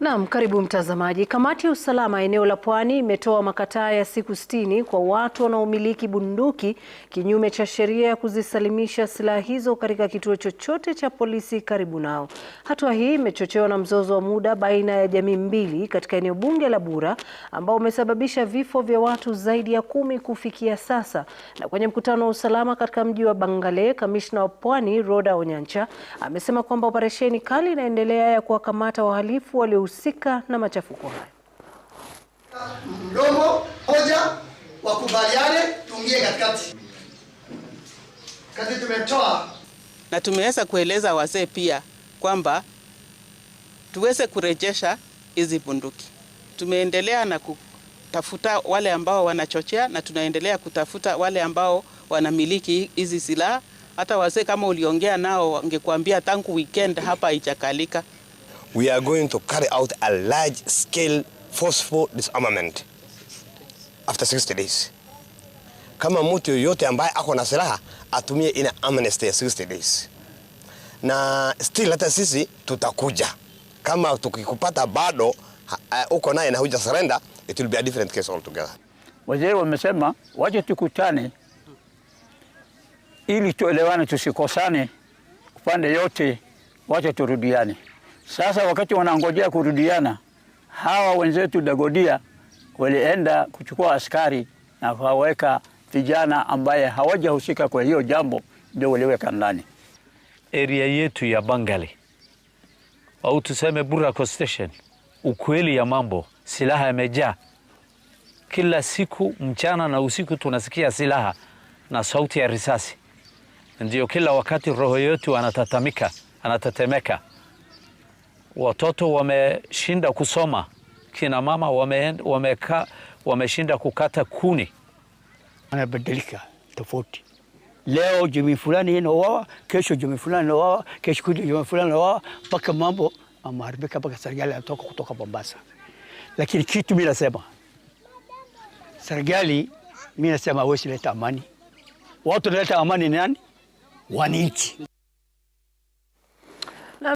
Naam, karibu mtazamaji. Kamati ya usalama eneo la Pwani imetoa makataa ya siku sitini kwa watu wanaomiliki bunduki kinyume cha sheria ya kuzisalimisha silaha hizo katika kituo chochote cha polisi karibu nao. Hatua hii imechochewa na mzozo wa muda baina ya jamii mbili katika eneo bunge la Bura ambao umesababisha vifo vya watu zaidi ya kumi kufikia sasa. Na kwenye mkutano wa usalama katika mji wa Bangale, kamishna wa Pwani roda Onyancha amesema kwamba operesheni kali inaendelea ya kuwakamata wahalifu walio kuhusika na machafuko hayo. Mdomo hoja, wakubaliane, tuingie katikati kati, tumetoa, na tumeweza kueleza wazee pia kwamba tuweze kurejesha hizi bunduki. Tumeendelea na kutafuta wale ambao wanachochea na tunaendelea kutafuta wale ambao wanamiliki hizi silaha. Hata wazee kama uliongea nao, wangekuambia tangu weekend hapa haijakalika we are going to carry out a large-scale forceful disarmament after 60 days. Kama mtu yoyote ambaye ako na silaha atumie ina amnesty ya 60 days, na still hata sisi tutakuja kama tukikupata bado eh, uko naye na huja surrender, it will be a different case altogether. Wazee wamesema waje tukutane ili tuelewane, tusikosane upande yote, wacha turudiane. Sasa wakati wanangojea kurudiana, hawa wenzetu Dagodia walienda kuchukua askari na kuwaweka vijana ambaye hawajahusika kwa hiyo jambo, ndio waliweka ndani. Area yetu ya Bangali au tuseme Buraco Station, ukweli ya mambo, silaha yamejaa kila siku, mchana na usiku tunasikia silaha na sauti ya risasi, ndio kila wakati roho yetu anatatamika, anatetemeka watoto wameshinda kusoma, kina mama wameka, wameshinda kukata kuni. Anabadilika tofauti, leo jamii fulani inaoawa, kesho jamii fulani inaoawa, kesho kutu jamii fulani inaoawa, mpaka mambo ameharibika, mpaka serikali anatoka kutoka Mombasa. Lakini kitu mi nasema serikali, mi nasema hawezi leta amani. Watu wanaleta amani nani? Wananchi.